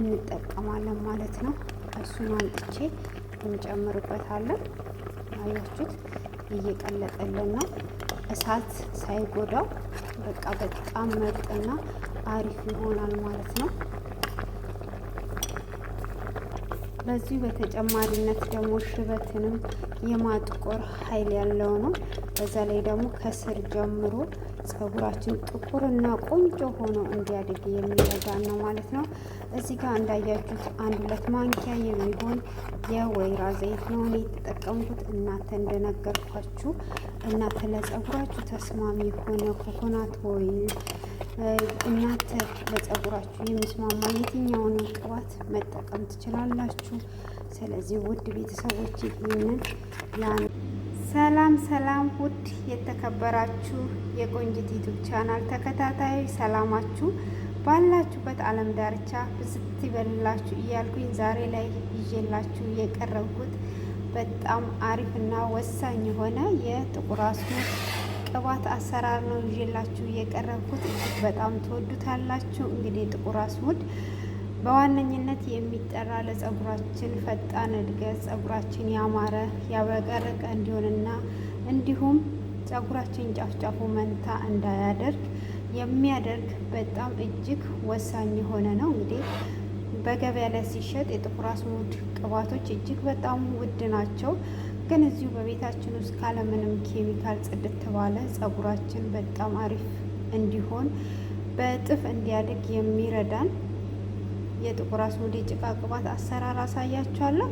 እንጠቀማለን ማለት ነው። እሱን አንጥቼ እንጨምርበታለን። አያችሁት እየቀለጠልን ነው። እሳት ሳይጎዳው በቃ በጣም መርጥና አሪፍ ይሆናል ማለት ነው። በዚሁ በተጨማሪነት ደግሞ ሽበትንም የማጥቆር ኃይል ያለው ነው። በዛ ላይ ደግሞ ከስር ጀምሮ ጸጉራችን ጥቁርና ቆንጆ ሆኖ እንዲያድግ የሚረዳ ነው ማለት ነው። እዚህ ጋር እንዳያችሁት አንድ ሁለት ማንኪያ የሚሆን የወይራ ዘይት ነው እኔ የተጠቀምኩት። እናንተ እንደነገርኳችሁ እናንተ ለጸጉራችሁ ተስማሚ የሆነ ኮኮናት ወይም እናንተ ለጸጉራችሁ የሚስማማ የትኛውን ቅባት መጠቀም ትችላላችሁ። ስለዚህ ውድ ቤተሰቦች ይህንን ያን ሰላም ሰላም፣ ውድ የተከበራችሁ የቆንጅት ዩቱብ ቻናል ተከታታይ ሰላማችሁ ባላችሁበት ዓለም ዳርቻ ብዝት ይበልላችሁ እያልኩኝ ዛሬ ላይ ይዤላችሁ የቀረብኩት በጣም አሪፍና ወሳኝ የሆነ የጥቁር አዝሙድ ቅባት አሰራር ነው ይዤላችሁ የቀረብኩት። እጅግ በጣም ትወዱታላችሁ። እንግዲህ ጥቁር አዝሙድ በዋነኝነት የሚጠራ ለጸጉራችን ፈጣን እድገት ጸጉራችን ያማረ ያብረቀረቀ እንዲሆንና እንዲሁም ጸጉራችን ጫፍጫፉ መንታ እንዳያደርግ የሚያደርግ በጣም እጅግ ወሳኝ የሆነ ነው። እንግዲህ በገበያ ላይ ሲሸጥ የጥቁር አዝሙድ ቅባቶች እጅግ በጣም ውድ ናቸው። ግን እዚሁ በቤታችን ውስጥ ካለምንም ኬሚካል ጽድት ባለ ጸጉራችን በጣም አሪፍ እንዲሆን በእጥፍ እንዲያድግ የሚረዳን የጥቁር አዝሙድ የጭቃ ቅባት አሰራር አሳያችኋለሁ።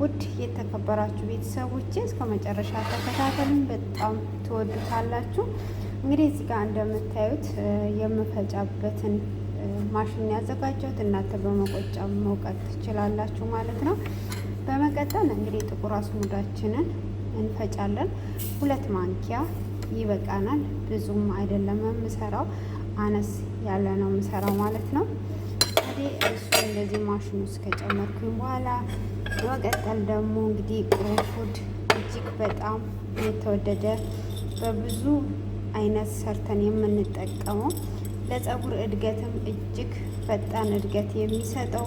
ውድ የተከበራችሁ ቤተሰቦቼ እስከ መጨረሻ ተከታተልን፣ በጣም ትወዱታላችሁ። እንግዲህ እዚህ ጋር እንደምታዩት የምፈጫበትን ማሽን ያዘጋጀሁት እናንተ በመቆጫ መውቀት ትችላላችሁ ማለት ነው። በመቀጠል እንግዲህ ጥቁር አስሙዳችንን እንፈጫለን። ሁለት ማንኪያ ይበቃናል። ብዙም አይደለም የምሰራው፣ አነስ ያለ ነው የምሰራው ማለት ነው። እንግዲህ እሱ እንደዚህ ማሽን ውስጥ ከጨመርኩኝ በኋላ በመቀጠል ደግሞ እንግዲህ ቅርንፉድ እጅግ በጣም የተወደደ በብዙ አይነት ሰርተን የምንጠቀመው ለፀጉር እድገትም እጅግ ፈጣን እድገት የሚሰጠው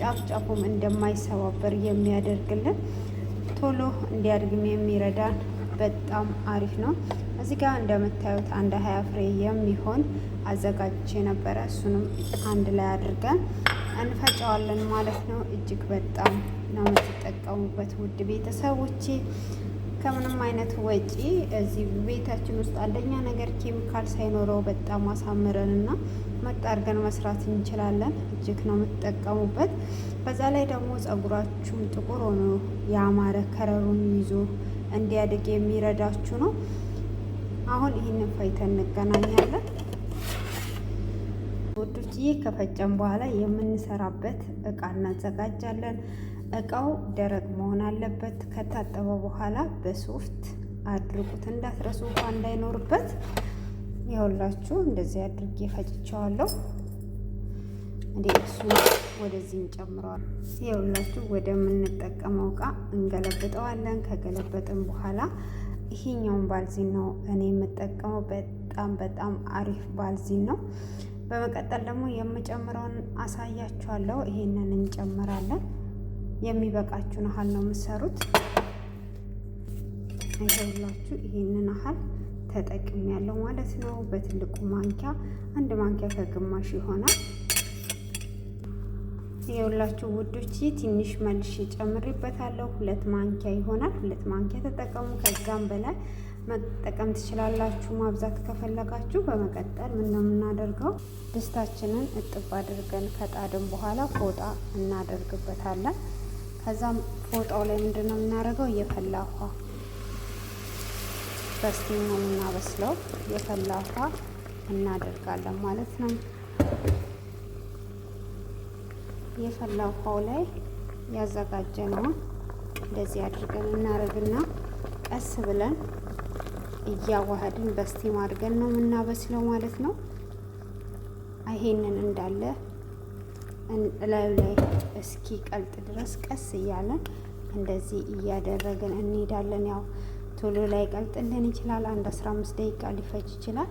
ጫፍ ጫፉም እንደማይሰባበር የሚያደርግልን ቶሎ እንዲያድግም የሚረዳን በጣም አሪፍ ነው። እዚህ ጋር እንደምታዩት አንድ ሀያ ፍሬ የሚሆን አዘጋጅቼ ነበረ። እሱንም አንድ ላይ አድርገን እንፈጨዋለን ማለት ነው። እጅግ በጣም ነው የምትጠቀሙበት ውድ ቤተሰቦቼ። ከምንም አይነት ወጪ እዚህ ቤታችን ውስጥ አንደኛ ነገር ኬሚካል ሳይኖረው በጣም አሳምረን እና መጣርገን አድርገን መስራት እንችላለን። እጅግ ነው የምትጠቀሙበት። በዛ ላይ ደግሞ ጸጉራችሁም ጥቁር ሆኖ ያማረ ከረሩን ይዞ እንዲያድግ የሚረዳችሁ ነው። አሁን ይህንን ፋይተን እንገናኛለን። ውዶች ይህ ከፈጨን በኋላ የምንሰራበት እቃ እናዘጋጃለን። እቃው ደረቅ መሆን አለበት። ከታጠበ በኋላ በሶፍት አድርጉት፣ እንዳትረሱ ውሃ እንዳይኖርበት። ይኸውላችሁ እንደዚህ አድርጌ ፈጭቸዋለሁ። እንዴ እሱ ወደዚህ እንጨምረዋል። ይኸውላችሁ ወደምንጠቀመው እቃ እንገለብጠዋለን። ከገለበጥን በኋላ ይሄኛውን ባልዚን ነው እኔ የምጠቀመው። በጣም በጣም አሪፍ ባልዚን ነው። በመቀጠል ደግሞ የምጨምረውን አሳያችኋለሁ። ይሄንን እንጨምራለን። የሚበቃችሁን አህል ነው የምትሰሩት። ይኸውላችሁ ይሄንን አህል ያለው ማለት ነው። በትልቁ ማንኪያ አንድ ማንኪያ ከግማሽ ይሆናል። ይኸውላችሁ ውዶች ትንሽ መልሽ ጨምሬበታለሁ። ሁለት ማንኪያ ይሆናል። ሁለት ማንኪያ ተጠቀሙ። ከዛም በላይ መጠቀም ትችላላችሁ ማብዛት ከፈለጋችሁ። በመቀጠል ምን ነው የምናደርገው? ድስታችንን እጥብ አድርገን ከጣድን በኋላ ፎጣ እናደርግበታለን። ከዛም ፎጣው ላይ ምንድን ነው የምናደርገው? የፈላ ውሃ በስቲም ነው የምናበስለው። የፈላ ውሃ እናደርጋለን ማለት ነው። የፈላ ውሃው ላይ ያዘጋጀነውን እንደዚህ አድርገን እናደርግና ቀስ ብለን እያዋሃድን በስቲም አድርገን ነው የምናበስለው ማለት ነው። ይሄንን እንዳለ እላዩ ላይ እስኪ ቀልጥ ድረስ ቀስ እያለን እንደዚህ እያደረግን እንሄዳለን። ያው ቶሎ ላይ ቀልጥልን ይችላል። አንድ አስራ አምስት ደቂቃ ሊፈጅ ይችላል።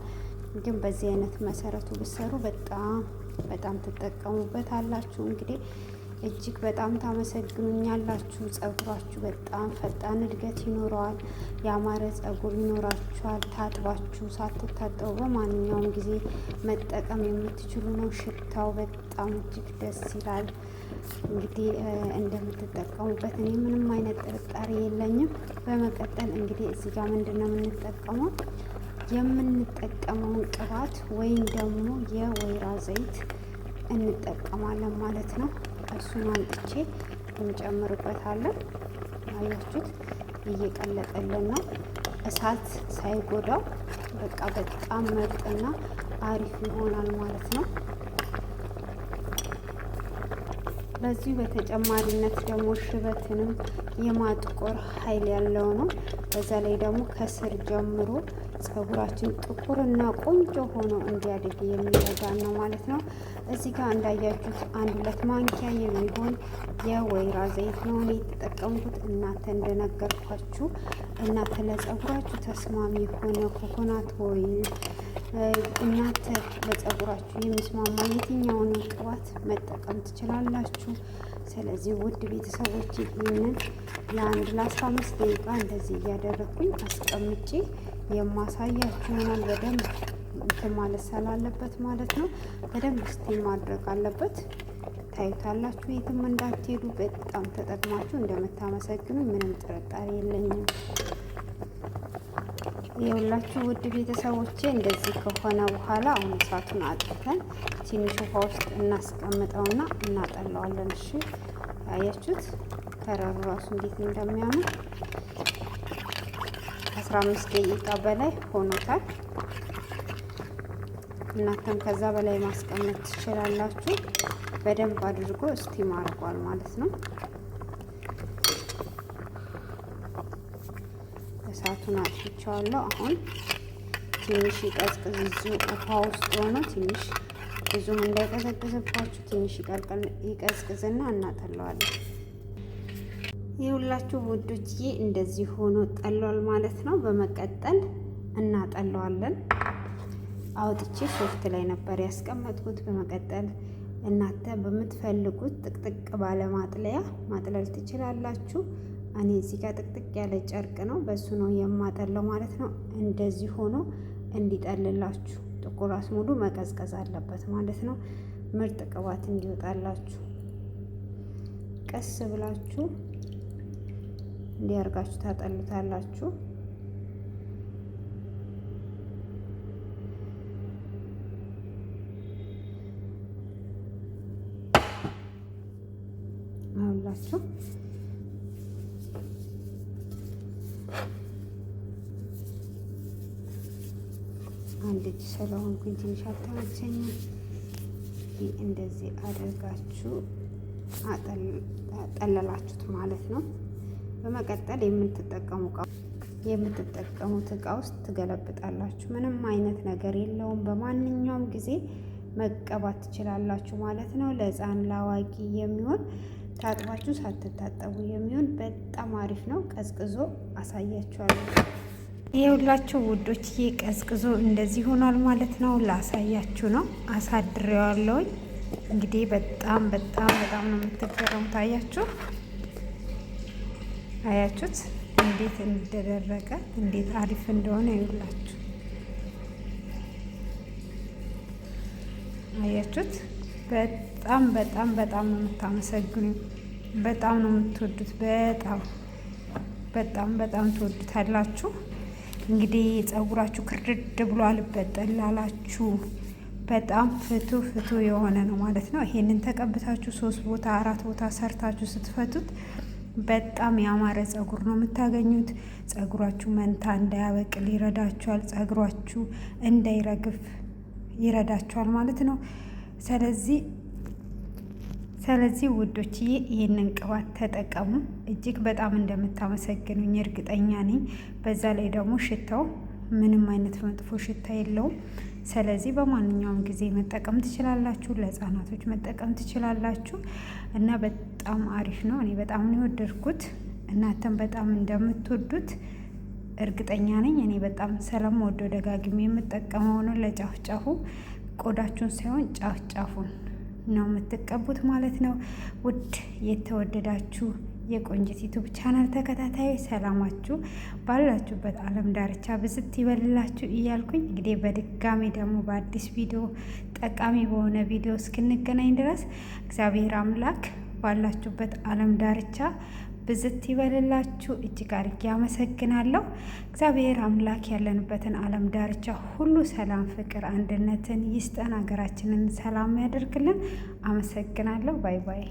ግን በዚህ አይነት መሰረቱ ብሰሩ በጣም በጣም ትጠቀሙበት አላችሁ እንግዲህ እጅግ በጣም ታመሰግኑኛላችሁ። ጸጉራችሁ በጣም ፈጣን እድገት ይኖረዋል። ያማረ ጸጉር ይኖራችኋል። ታጥባችሁ ሳትታጠቡ በማንኛውም ጊዜ መጠቀም የምትችሉ ነው። ሽታው በጣም እጅግ ደስ ይላል። እንግዲህ እንደምትጠቀሙበት እኔ ምንም አይነት ጥርጣሬ የለኝም። በመቀጠል እንግዲህ እዚህ ጋር ምንድን ነው የምንጠቀመው የምንጠቀመውን ቅባት ወይም ደግሞ የወይራ ዘይት እንጠቀማለን ማለት ነው። እሱን አንጥቼ እንጨምርበታለን። አያችሁት እየቀለጠልን ነው። እሳት ሳይጎዳው በቃ በጣም መርጥና አሪፍ ይሆናል ማለት ነው። በዚሁ በተጨማሪነት ደግሞ ሽበትንም የማጥቆር ኃይል ያለው ነው። በዛ ላይ ደግሞ ከስር ጀምሮ ፀጉራችን ጥቁርና ቆንጆ ሆኖ እንዲያድግ የሚረዳ ነው ማለት ነው። እዚህ ጋር እንዳያችሁት አንድ ሁለት ማንኪያ የሚሆን የወይራ ዘይት ነው እኔ የተጠቀምኩት። እናንተ እንደነገርኳችሁ እናንተ ለፀጉራችሁ ተስማሚ የሆነ ኮኮናት ወይም እናንተ ለፀጉራችሁ የሚስማማ የትኛውን ቅባት መጠቀም ትችላላችሁ። ስለዚህ ውድ ቤተሰቦች ይህንን ለአንድ ለአስራ አምስት ደቂቃ እንደዚህ እያደረግኩኝ አስቀምጬ የማሳያችሁ ይሆናል። በደንብ እንትን ማለት ስላለበት ማለት ነው። በደንብ ስቲም ማድረግ አለበት። ታዩታላችሁ። የትም እንዳትሄዱ በጣም ተጠቅማችሁ እንደምታመሰግኑ ምንም ጥርጣሬ የለኝም። የሁላችሁ ውድ ቤተሰቦቼ እንደዚህ ከሆነ በኋላ አሁን እሳቱን አጥፍተን ትንሽ ውሃ ውስጥ እናስቀምጠውና እናጠለዋለን። እሺ አያችሁት ከረሩ ራሱ እንዴት እንደሚያምር 15 ደቂቃ በላይ ሆኖታል። እናንተም ከዛ በላይ ማስቀመጥ ትችላላችሁ። በደንብ አድርጎ እስቲም አድርጓል ማለት ነው። እሳቱን አጥፍቼዋለሁ። አሁን ትንሽ ይቀዝቅዝ። ውሃ ውስጥ ሆኖ ትንሽ ብዙም እንዳይቀዘቅዝባችሁ ትንሽ ይቀዝቅዝና እናጠለዋለን። የሁላችሁ ውዶችዬ እንደዚህ ሆኖ ጠሏል ማለት ነው። በመቀጠል እናጠለዋለን። አውጥቼ ሶፍት ላይ ነበር ያስቀመጥኩት። በመቀጠል እናንተ በምትፈልጉት ጥቅጥቅ ባለ ማጥለያ ማጥለል ትችላላችሁ። እኔ እዚህ ጋር ጥቅጥቅ ያለ ጨርቅ ነው፣ በሱ ነው የማጠለው ማለት ነው። እንደዚህ ሆኖ እንዲጠልላችሁ ጥቁር አስሙዱ መቀዝቀዝ አለበት ማለት ነው። ምርጥ ቅባት እንዲወጣላችሁ ቀስ ብላችሁ እንዲህ አድርጋችሁ ታጠሉታላችሁ። አሁላችሁ አንድ እጅ ስለሆንኩኝ ትንሽ አልተመቸኝም። እንደዚህ አድርጋችሁ አጠለላችሁት ማለት ነው። በመቀጠል የምትጠቀሙ የምትጠቀሙት እቃ ውስጥ ትገለብጣላችሁ። ምንም አይነት ነገር የለውም። በማንኛውም ጊዜ መቀባት ትችላላችሁ ማለት ነው። ለሕፃን ለአዋቂ የሚሆን ታጥባችሁ ሳትታጠቡ የሚሆን በጣም አሪፍ ነው። ቀዝቅዞ አሳያችኋለሁ። ይኸውላችሁ ውዶች፣ ይህ ቀዝቅዞ እንደዚህ ሆኗል ማለት ነው። ላሳያችሁ ነው። አሳድሬዋለሁኝ እንግዲህ በጣም በጣም በጣም ነው የምትገረሙ ታያችሁ አያችሁት እንዴት እንደደረቀ እንዴት አሪፍ እንደሆነ ይውላችሁ። አያችሁት። በጣም በጣም በጣም ነው የምታመሰግኑ። በጣም ነው የምትወዱት። በጣም በጣም በጣም ትወዱታላችሁ። እንግዲህ ጸጉራችሁ ክርድድ ብሎ አልበጠን ላላችሁ በጣም ፍቱ ፍቱ የሆነ ነው ማለት ነው። ይሄንን ተቀብታችሁ ሶስት ቦታ አራት ቦታ ሰርታችሁ ስትፈቱት በጣም ያማረ ጸጉር ነው የምታገኙት። ጸጉራችሁ መንታ እንዳያበቅል ይረዳችኋል። ጸጉራችሁ እንዳይረግፍ ይረዳችኋል ማለት ነው። ስለዚህ ስለዚህ ውዶችዬ ይህንን ቅባት ተጠቀሙ። እጅግ በጣም እንደምታመሰግኑኝ እርግጠኛ ነኝ። በዛ ላይ ደግሞ ሽታው ምንም አይነት መጥፎ ሽታ የለውም። ስለዚህ በማንኛውም ጊዜ መጠቀም ትችላላችሁ፣ ለህፃናቶች መጠቀም ትችላላችሁ እና በጣም አሪፍ ነው። እኔ በጣም ነው የወደድኩት። እናንተም በጣም እንደምትወዱት እርግጠኛ ነኝ። እኔ በጣም ሰላም ደጋግሜ የምጠቀመው ነው። ለጫፍጫፉ ጫፉ ቆዳችሁን ሳይሆን ጫፍ ነው የምትቀቡት ማለት ነው። ውድ የተወደዳችሁ የቆንጂት ዩቱብ ቻናል ተከታታይ ሰላማችሁ ባላችሁበት ዓለም ዳርቻ ብዝት ይበልላችሁ እያልኩኝ እንግዲህ በድጋሚ ደግሞ በአዲስ ቪዲዮ ጠቃሚ በሆነ ቪዲዮ እስክንገናኝ ድረስ እግዚአብሔር አምላክ ባላችሁበት ዓለም ዳርቻ ብዝት ይበልላችሁ። እጅግ አድርጌ አመሰግናለሁ። እግዚአብሔር አምላክ ያለንበትን ዓለም ዳርቻ ሁሉ ሰላም፣ ፍቅር፣ አንድነትን ይስጠን። ሀገራችንን ሰላም ያደርግልን። አመሰግናለሁ። ባይ ባይ